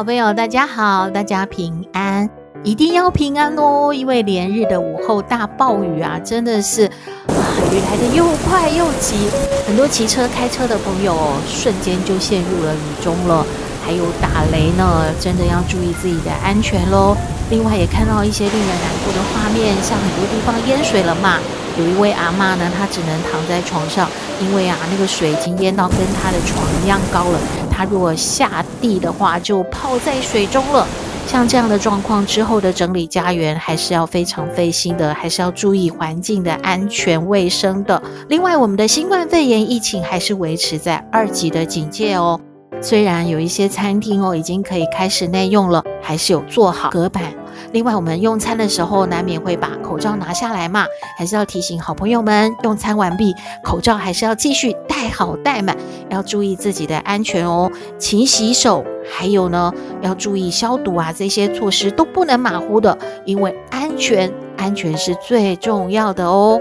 小朋友，大家好，大家平安，一定要平安嘍、哦！因為連日的午後大暴雨啊，真的是啊，雨來的又快又急，很多騎車、開車的朋友瞬間就陷入了雨中了。還有打雷呢，真的要注意自己的安全嘍。另外也看到一些令人難過的畫面，像很多地方淹水了嘛。有一位阿嬤呢，她只能躺在床上，因為啊，那個水已經淹到跟她的床一樣高了。她如果下地的話，就泡在水中了。像這樣的狀況之後的整理家園，還是要非常費心的，還是要注意環境的安全衛生的。另外，我們的新冠肺炎疫情還是維持在二級的警戒哦。雖然有一些餐廳哦，已經可以開始內用了，還是有做好隔板。另外，我們用餐的時候難免會把口罩拿下來嘛，還是要提醒好朋友們，用餐完畢，口罩還是要繼續戴好戴滿，要注意自己的安全哦，勤洗手，還有呢，要注意消毒啊，這些措施都不能馬虎的，因為安全，安全是最重要的哦。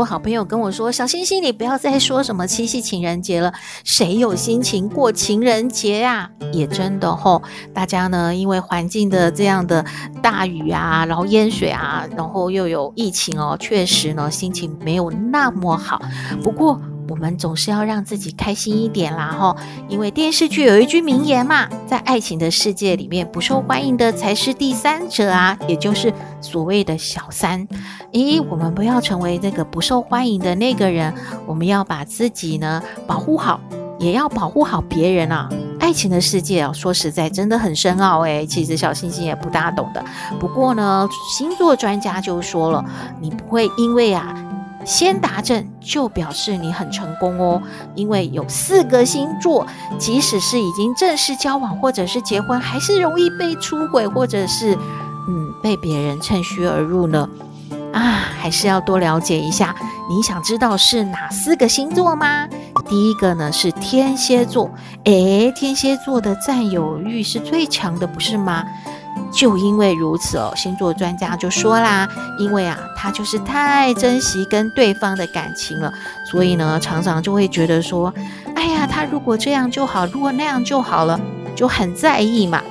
我好朋友跟我說：“小星星，你不要再說什麼七夕情人節了，誰有心情過情人節啊？也真的吼、哦，大家呢，因為環境的這樣的大雨啊，然後淹水啊，然後又有疫情哦，確實呢，心情沒有那麼好。不過……”我們總是要讓自己開心一點啦，吼！因為電視劇有一句名言嘛，在愛情的世界裡面，不受歡迎的才是第三者啊，也就是所謂的小三。誒，我們不要成為那個不受歡迎的那個人，我們要把自己呢保護好，也要保護好別人啊。愛情的世界啊，說實在真的很深奧誒，其實小星星也不大懂的。不過呢，星座專家就說了，你不會因為啊。先達正就表示你很成功哦。因為有四個星座，即使是已經正式交往或者是結婚，還是容易被出軌，或者是嗯被別人趁虛而入呢？啊，還是要多了解一下。你想知道是哪四個星座嗎？第一個呢是天蠍座。誒、欸，天蠍座的佔有欲是最強的，不是嗎？就因為如此哦，星座專家就說啦，因為啊，他就是太珍惜跟對方的感情了，所以呢，常常就會覺得說，哎呀，他如果這樣就好，如果那樣就好了，就很在意嘛。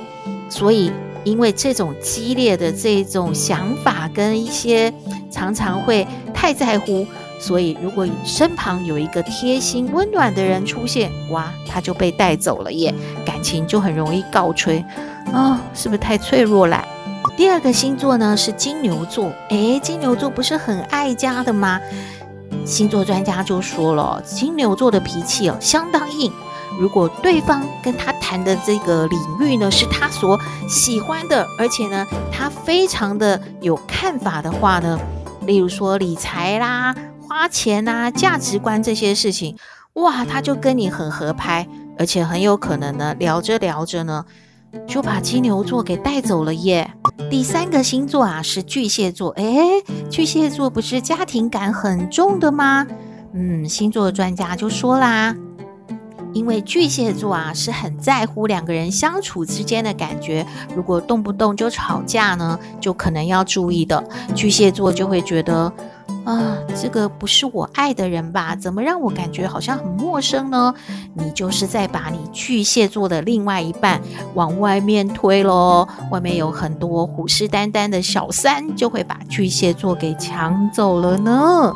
所以，因為這種激烈的這種想法跟一些常常會太在乎，所以如果身旁有一個貼心溫暖的人出現，哇，他就被帶走了耶，感情就很容易告吹。哦，是不是太脆弱了？第二個星座呢是金牛座。誒，金牛座不是很愛家的嗎？星座專家就說了，金牛座的脾氣哦相當硬。如果對方跟他談的這個領域呢是他所喜歡的，而且呢他非常的有看法的話呢，例如說理財啦、花錢啦、價值觀這些事情，哇，他就跟你很合拍，而且很有可能呢聊着聊着呢。就把金牛座給帶走了耶。第三個星座啊是巨蟹座，哎，巨蟹座不是家庭感很重的嗎？嗯，星座專家就說啦，因為巨蟹座啊是很在乎兩個人相處之間的感覺，如果動不動就吵架呢，就可能要注意的。巨蟹座就會覺得。啊，這個不是我愛的人吧？怎麼讓我感覺好像很陌生呢？你就是在把你巨蟹座的另外一半往外面推嘍，外面有很多虎視眈眈的小三，就會把巨蟹座給搶走了呢。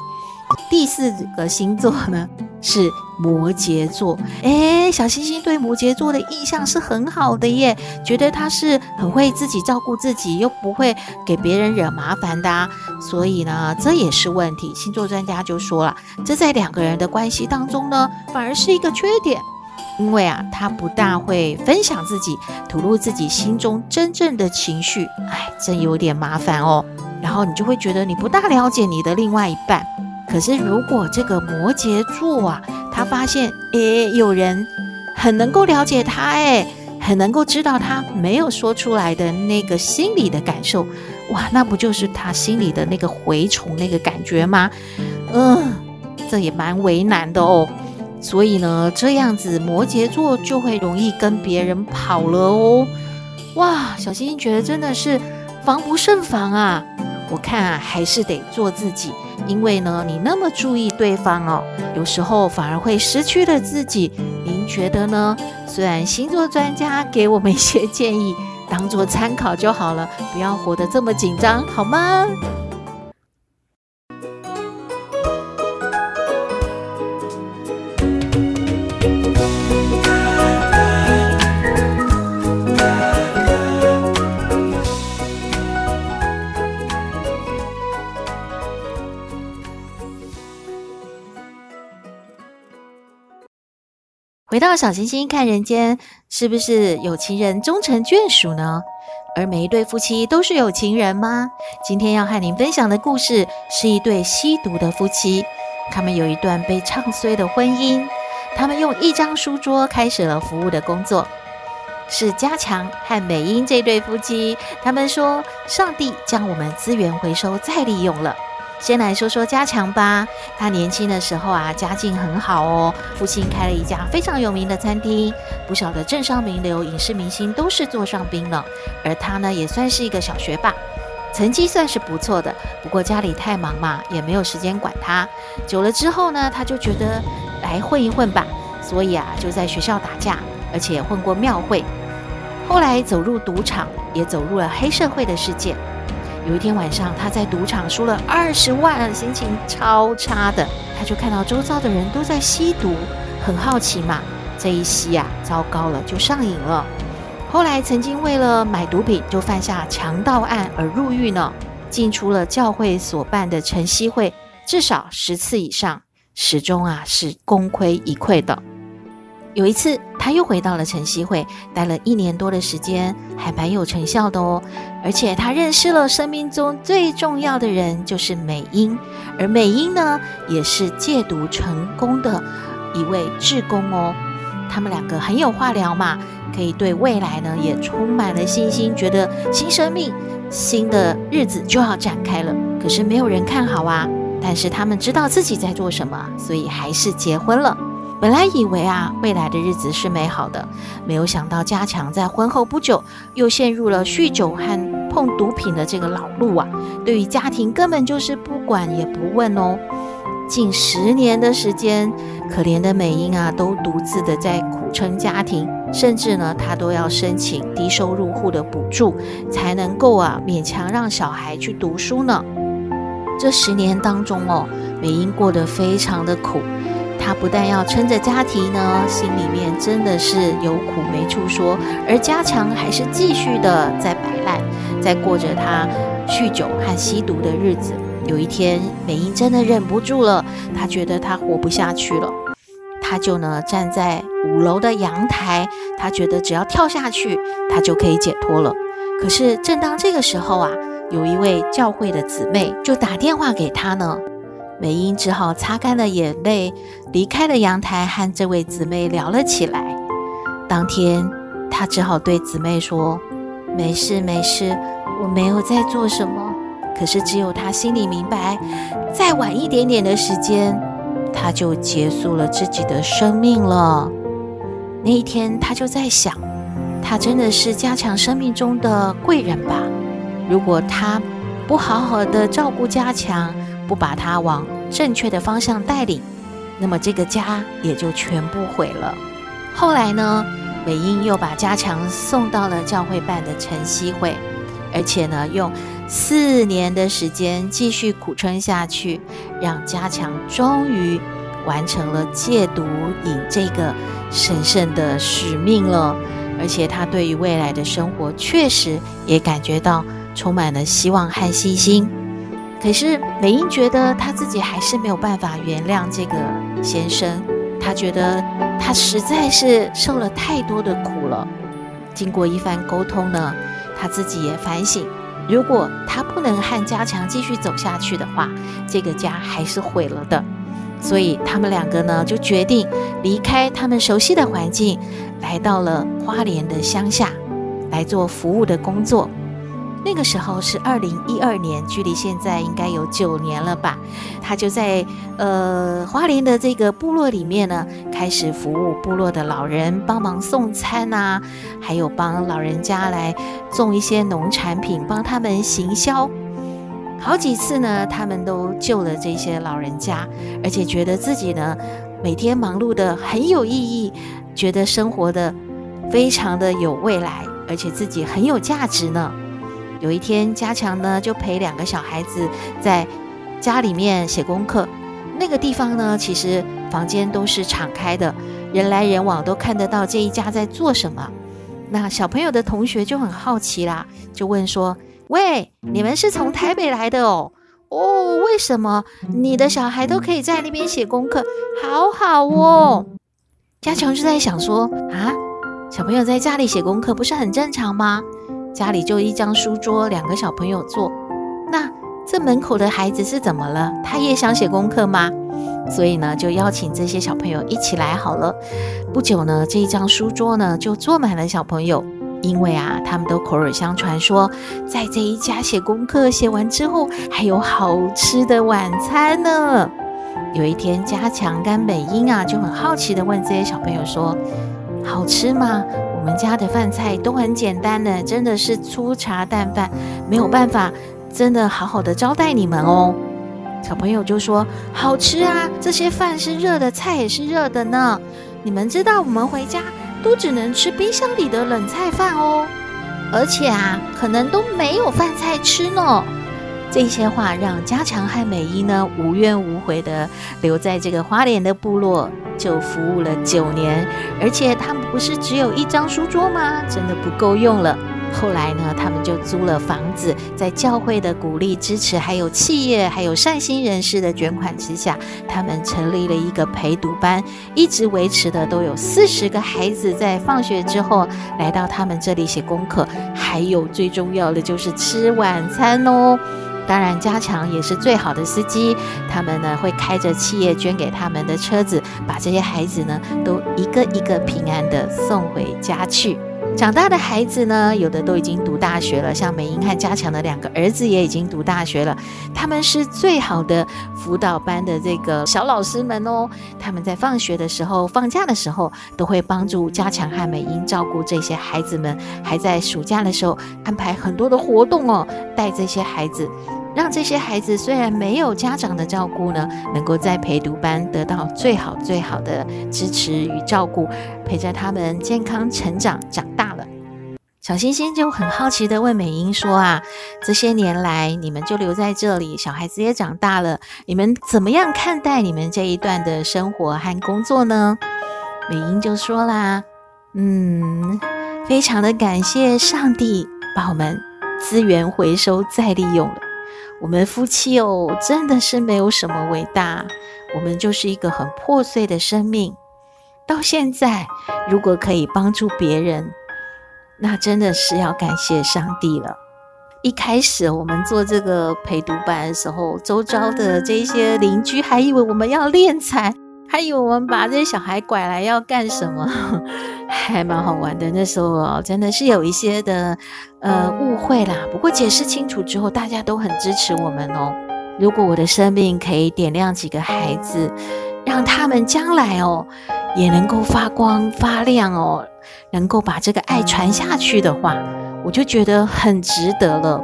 第四個星座呢？是摩羯座，誒、欸，小星星對摩羯座的印象是很好的耶，覺得他是很會自己照顧自己，又不會給別人惹麻煩的、啊。所以呢，這也是問題。星座專家就說了，這在兩個人的關係當中呢，反而是一個缺點，因為啊，他不大會分享自己，吐露自己心中真正的情緒，唉，真有點麻煩哦。然後你就會覺得你不大了解你的另外一半。可是，如果這個摩羯座啊，他發現誒有人很能夠了解他，誒，很能夠知道他沒有說出來的那個心裡的感受，哇，那不就是他心裡的那個蛔蟲那個感覺嗎？嗯，這也蠻為難的哦。所以呢，這樣子摩羯座就會容易跟別人跑了哦。哇，小星星覺得真的是防不勝防啊！我看啊，還是得做自己。因為呢，你那麼注意對方哦，有時候反而會失去了自己。您覺得呢？雖然星座專家給我們一些建議，當做參考就好了，不要活得這麼緊張，好嗎？讓小星星看人間，是不是有情人終成眷屬呢？而每一對夫妻都是有情人嗎？今天要和您分享的故事是一對吸毒的夫妻，他們有一段被唱衰的婚姻，他們用一張書桌開始了服務的工作。是嘉強和美英這對夫妻，他們說上帝將我們資源回收再利用了。先來說說家強吧，他年輕的時候啊，家境很好哦，父親開了一家非常有名的餐廳，不少的政商名流、影視明星都是座上賓了。而他呢，也算是一個小學霸，成績算是不錯的。不過家裡太忙嘛，也沒有時間管他。久了之後呢，他就覺得來混一混吧，所以啊，就在學校打架，而且混過廟會，後來走入賭場，也走入了黑社會的世界。有一天晚上，他在賭場輸了二十萬，心情超差的，他就看到周遭的人都在吸毒，很好奇嘛，這一吸呀、啊，糟糕了，就上癮了。後來曾經為了買毒品，就犯下強盜案而入獄呢，進出了教會所辦的晨曦會至少十次以上，始終啊是功虧一簣的。有一次，他又回到了晨曦會，待了一年多的時間，還蠻有成效的哦。而且他認識了生命中最重要的人，就是美英。而美英呢，也是戒毒成功的一位志工哦。他們兩個很有話聊嘛，可以對未來呢也充滿了信心，覺得新生命、新的日子就要展開了。可是沒有人看好啊。但是他們知道自己在做什麼，所以還是結婚了。本來以為啊，未來的日子是美好的，沒有想到，家強在婚後不久又陷入了酗酒和碰毒品的這個老路啊。對於家庭，根本就是不管也不問哦。近十年的時間，可憐的美英啊，都獨自的在苦撐家庭，甚至呢，她都要申請低收入戶的補助，才能夠啊勉強讓小孩去讀書呢。這十年當中哦，美英過得非常的苦。他不但要撐着家庭呢，心裡面真的是有苦沒處說，而家強還是繼續的在擺爛，在過着他酗酒和吸毒的日子。有一天，美英真的忍不住了，她覺得她活不下去了，她就呢站在五樓的陽台，她覺得只要跳下去，她就可以解脫了。可是正當這個時候啊，有一位教會的姊妹就打電話給她呢。美英只好擦乾了眼淚，離開了陽台，和這位姊妹聊了起來。當天，她只好對姊妹說：“沒事，沒事，我沒有在做什麼。”可是，只有她心裡明白，再晚一點點的時間，她就結束了自己的生命了。那一天，她就在想：她真的是家強生命中的貴人吧？如果她不好好的照顧家強，不把他往正確的方向帶領，那麼這個家也就全部毀了。後來呢，美英又把家強送到了教會辦的晨曦會，而且呢，用四年的時間繼續苦撐下去，讓家強終於完成了戒毒癮這個神聖的使命了。而且他對於未來的生活，確實也感覺到充滿了希望和信心。可是美英覺得他自己還是沒有辦法原諒這個先生，他覺得他實在是受了太多的苦了。經過一番溝通呢，他自己也反省，如果他不能和家強繼續走下去的話，這個家還是毀了的。所以他們兩個呢，就決定離開他們熟悉的環境，來到了花蓮的鄉下，來做服務的工作。那個時候是二零一二年，距離現在應該有九年了吧。他就在呃花蓮的這個部落裡面呢，開始服務部落的老人，幫忙送餐啊，還有幫老人家來種一些農產品，幫他們行銷。好幾次呢，他們都救了這些老人家，而且覺得自己呢每天忙碌得很有意義，覺得生活得非常的有未來，而且自己很有價值呢。有一天，家強呢就陪兩個小孩子在家裡面寫功課。那個地方呢，其實房間都是敞開的，人來人往都看得到這一家在做什麼。那小朋友的同學就很好奇啦，就問說：“喂，你們是從台北來的哦？哦，為什麼你的小孩都可以在那邊寫功課？好好哦。”家強就在想說：“啊，小朋友在家裡寫功課不是很正常嗎？”家裡就一張書桌，兩個小朋友坐。那這門口的孩子是怎麼了？他也想寫功課嗎？所以呢，就邀請這些小朋友一起來好了。不久呢，這一張書桌呢就坐滿了小朋友，因為啊，他們都口耳相傳說，在這一家寫功課寫完之後，還有好吃的晚餐呢。有一天，家強甘美英啊就很好奇地問這些小朋友說：“好吃嗎？”我們家的飯菜都很簡單的，真的是粗茶淡飯，沒有辦法，真的好好的招待你們哦。小朋友就說：“好吃啊，這些飯是熱的，菜也是熱的呢。你們知道我們回家都只能吃冰箱裡的冷菜飯哦，而且啊，可能都沒有飯菜吃呢。”這些話讓家強和美伊呢無怨無悔的留在這個花蓮的部落，就服務了九年。而且他們不是只有一張書桌嗎？真的不夠用了。後來呢，他們就租了房子，在教會的鼓勵支持，還有企業，還有善心人士的捐款之下，他們成立了一個陪讀班，一直維持的都有四十個孩子在放學之後來到他們這裡寫功課，還有最重要的就是吃晚餐哦。當然，加強也是最好的司機。他們呢會開着企業捐給他們的車子，把這些孩子呢都一個一個平安的送回家去。長大的孩子呢，有的都已經讀大學了，像美英和加強的兩個兒子也已經讀大學了。他們是最好的輔導班的這個小老師們哦。他們在放學的時候，放假的時候，都會幫助加強和美英照顧這些孩子們，還在暑假的時候安排很多的活動哦，帶這些孩子。讓這些孩子雖然沒有家長的照顧呢，能夠在陪讀班得到最好最好的支持與照顧，陪着他們健康成長，長大了。小星星就很好奇的問美英說：“啊，這些年來你們就留在這裡，小孩子也長大了，你們怎麼樣看待你們這一段的生活和工作呢？”美英就說啦：“嗯，非常的感謝上帝把我們資源回收再利用了。”我們夫妻哦，真的是沒有什麼偉大，我們就是一個很破碎的生命。到現在，如果可以幫助別人，那真的是要感謝上帝了。一開始我們做這個陪讀班的時候，週遭的這些鄰居還以為我們要斂財。還以為我們把這些小孩拐來要幹什麼，還蠻好玩的。那時候哦，真的是有一些的呃誤會啦。不過解釋清楚之後，大家都很支持我們哦。如果我的生命可以點亮幾個孩子，讓他們將來哦，也能夠發光發亮哦，能夠把這個愛傳下去的話，我就覺得很值得了。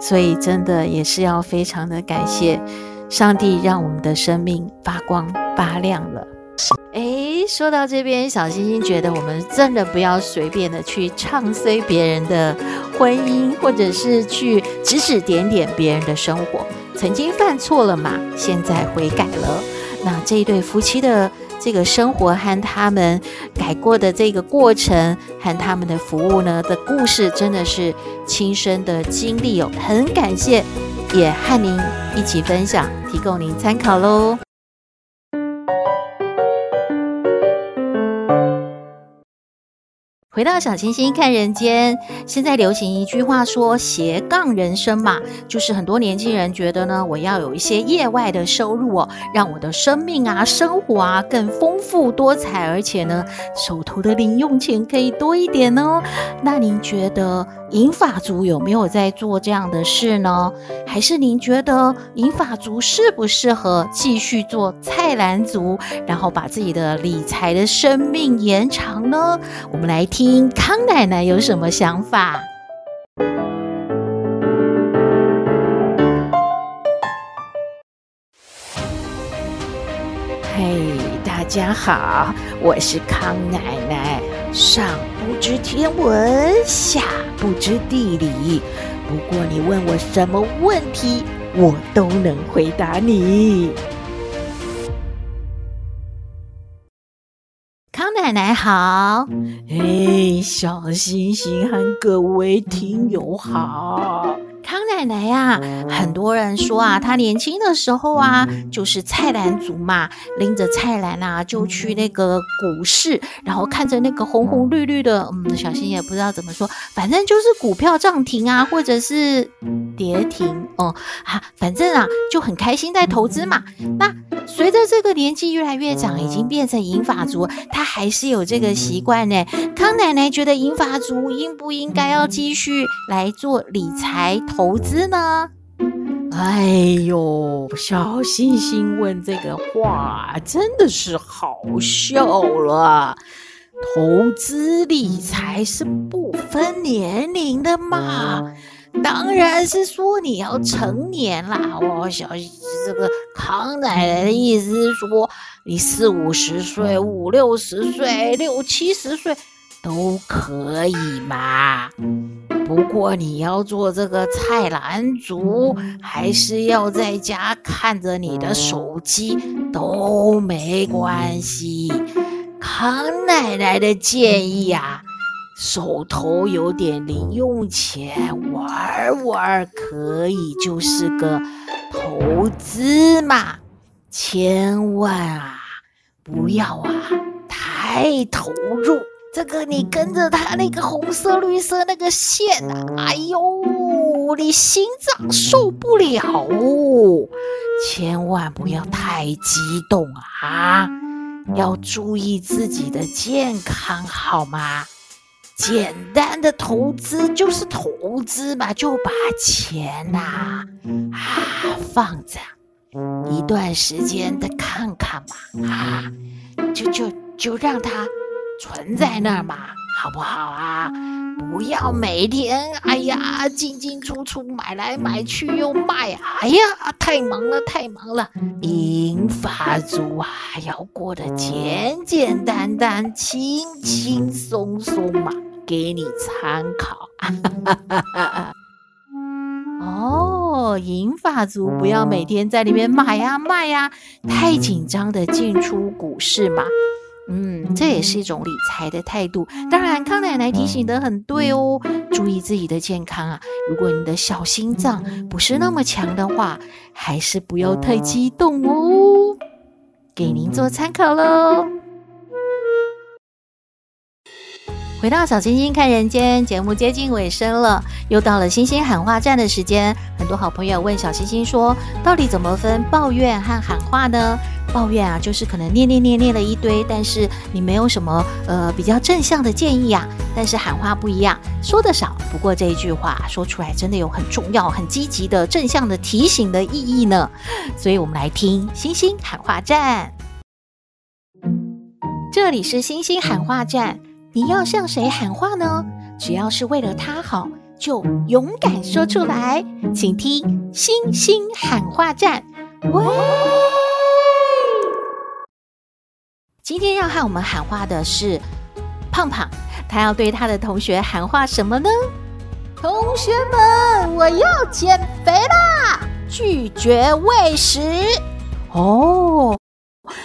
所以真的也是要非常的感謝。上帝讓我們的生命發光發亮了。誒，說到這邊，小星星覺得我們真的不要隨便的去唱衰別人的婚姻，或者是去指指點點別人的生活。曾經犯錯了嘛，現在悔改了。那這一對夫妻的這個生活和他們改過的這個過程和他們的服務呢的故事，真的是親身的經歷哦，很感謝。也和您一起分享，提供您參考嘍。回到小星星看人間，現在流行一句話說“斜槓人生”嘛，就是很多年輕人覺得呢，我要有一些業外的收入哦，讓我的生命啊、生活啊更豐富多彩，而且呢，手頭的零用錢可以多一點哦。那您覺得？銀髮族有沒有在做這樣的事呢？還是您覺得銀髮族適不適合繼續做菜籃族，然後把自己的理財的生命延長呢？我們來聽康奶奶有什麼想法。嘿，大家好，我是康奶奶，上不知天文，下。不知地理，不過你問我什麼問題，我都能回答你。康奶奶好，哎，小星星和各位聽友好。康奶奶呀、啊，很多人說啊，她年輕的時候啊，就是菜籃族嘛，拎着菜籃啊就去那個股市，然後看着那個紅紅綠綠的，嗯，小星也不知道怎麼說，反正就是股票漲停啊，或者是跌停，哦、嗯，啊，反正啊就很開心在投資嘛。那隨着這個年紀越來越長，已經變成銀髮族，她還是有這個習慣呢。康奶奶覺得銀髮族應不應該要繼續來做理財？投資呢？哎呦，小星星問這個話真的是好笑了。投資理財是不分年齡的嘛，當然是說你要成年啦。我小這個康奶奶的意思是說，你四五十歲、五六十歲、六七十歲。都可以嘛，不過你要做這個菜籃族，還是要在家看着你的手機都沒關係。康奶奶的建議啊，手頭有點零用錢玩玩可以，就是個投資嘛，千萬啊不要啊太投入。這個你跟着他那個紅色、綠色那個線吶、啊，哎呦，你心臟受不了，千萬不要太激動啊，要注意自己的健康好嗎？簡單的投資就是投資嘛，就把錢吶啊，啊放着一段時間再看看嘛啊，就就就讓他。存在那兒嘛，好不好啊？不要每天，哎呀，進進出出，買來買去又賣、啊，哎呀，太忙了，太忙了。銀髮族啊，要過得簡簡單單、輕輕鬆鬆嘛，給你參考。 哦，銀髮族不要每天在裡面買呀賣呀、啊啊，太緊張的進出股市嘛。嗯，這也是一種理財的態度。當然，康奶奶提醒得很對哦，注意自己的健康啊！如果你的小心臟不是那麼強的話，還是不要太激動哦。給您做參考嘍。回到小星星看人間節目接近尾聲了，又到了星星喊話站的時間。很多好朋友問小星星說，到底怎麼分抱怨和喊話呢？抱怨啊，就是可能念念念念了一堆，但是你沒有什麼呃比較正向的建議啊。但是喊話不一樣，說的少，不過這一句話說出來真的有很重要、很積極的正向的提醒的意義呢。所以，我們來聽星星喊話站。這裡是星星喊話站，你要向誰喊話呢？只要是為了他好，就勇敢說出來。請聽星星喊話站。喂今天要和我們喊話的是胖胖，他要對他的同學喊話什麼呢？同學們，我要減肥啦！拒絕餵食。哦，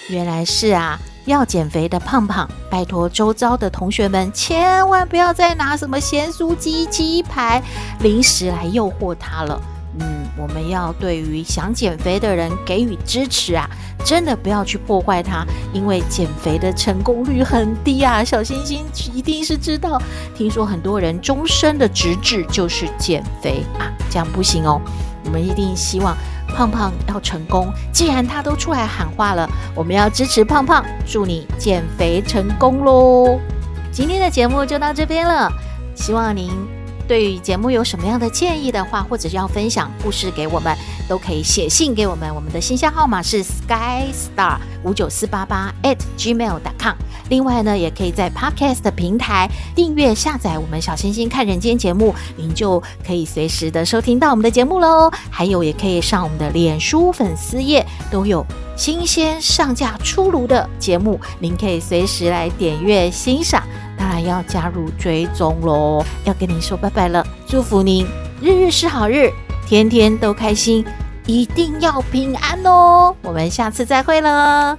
原來是啊，要減肥的胖胖，拜託周遭的同學們，千萬不要再拿什麼鹹酥雞、雞排、零食來誘惑他了。嗯，我們要對於想減肥的人給予支持啊，真的不要去破壞它，因為減肥的成功率很低啊。小星星一定是知道，聽說很多人終身的職志就是減肥啊，這樣不行哦。我們一定希望胖胖要成功，既然他都出來喊話了，我們要支持胖胖，祝你減肥成功嘍！今天的節目就到這邊了，希望您。對於節目有什麼樣的建議的話，或者是要分享故事給我們，都可以寫信給我們。我們的信箱號碼是 sky star 五九四八八 at gmail dot com。另外呢，也可以在 podcast 平台訂閱下載我們小星星看人間節目，您就可以隨時的收聽到我們的節目嘍。還有，也可以上我們的臉書粉絲頁，都有新鮮上架出爐的節目，您可以隨時來點閱欣賞。要加入追蹤嘍，要跟您說拜拜了，祝福您日日是好日，天天都開心，一定要平安哦。我們下次再會了。